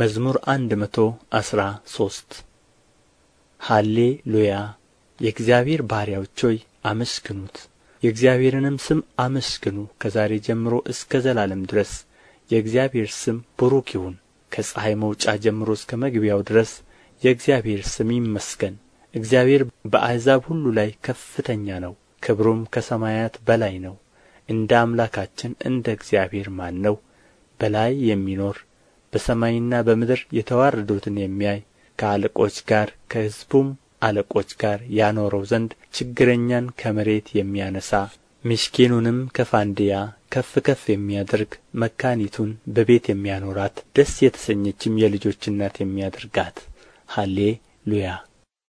መዝሙር አንድ መቶ አስራ ሶስት ሃሌ ሉያ የእግዚአብሔር ባሪያዎች ሆይ አመስግኑት፣ የእግዚአብሔርንም ስም አመስግኑ። ከዛሬ ጀምሮ እስከ ዘላለም ድረስ የእግዚአብሔር ስም ቡሩክ ይሁን። ከፀሐይ መውጫ ጀምሮ እስከ መግቢያው ድረስ የእግዚአብሔር ስም ይመስገን። እግዚአብሔር በአሕዛብ ሁሉ ላይ ከፍተኛ ነው፣ ክብሩም ከሰማያት በላይ ነው። እንደ አምላካችን እንደ እግዚአብሔር ማን ነው? በላይ የሚኖር በሰማይና በምድር የተዋረዱትን የሚያይ ከአለቆች ጋር ከሕዝቡም አለቆች ጋር ያኖረው ዘንድ ችግረኛን ከመሬት የሚያነሣ ምሽኪኑንም ከፋንድያ ከፍ ከፍ የሚያደርግ መካኒቱን በቤት የሚያኖራት ደስ የተሰኘችም የልጆች እናት የሚያደርጋት ሃሌ ሉያ